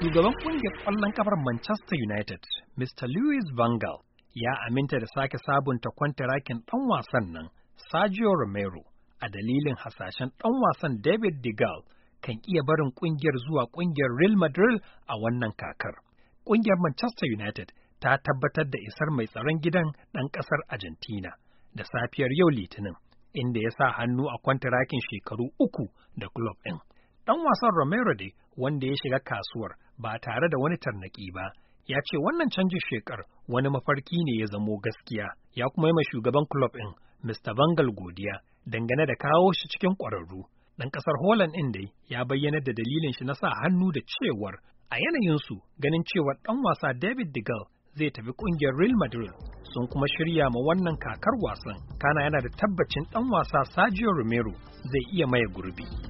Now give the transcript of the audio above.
Shugaban ƙungiyar ƙwallon kafar Manchester United, Mr. Louis Van Gaal, ya aminta da sake sabunta kwantarakin ɗan wasan nan, Sergio Romero, a dalilin hasashen ɗan wasan David De Gaal kan iya barin ƙungiyar zuwa ƙungiyar Real Madrid a wannan kakar. Ƙungiyar Manchester United ta tabbatar da isar mai tsaron gidan ɗan ƙasar Argentina da safiyar yau Litinin, inda ya sa hannu a kwantarakin shekaru uku da club ɗin. Ɗan wasan Romero dai wanda ya shiga kasuwar ba tare da wani tarnaki ba ya ce wannan canjin shekar wani mafarki ne ya zamo gaskiya ya kuma yi ma shugaban club ɗin Mr. Bangal godiya dangane da kawo shi cikin ƙwararru. Ɗan ƙasar Holland ɗin dai ya bayyana da dalilin shi na sa hannu da cewar a yanayinsu ganin cewar ɗan wasa David De Gea zai tafi ƙungiyar Real Madrid sun kuma shirya ma wannan kakar wasan. Kana yana da tabbacin ɗan wasa Sergio Romero zai iya maye gurbi.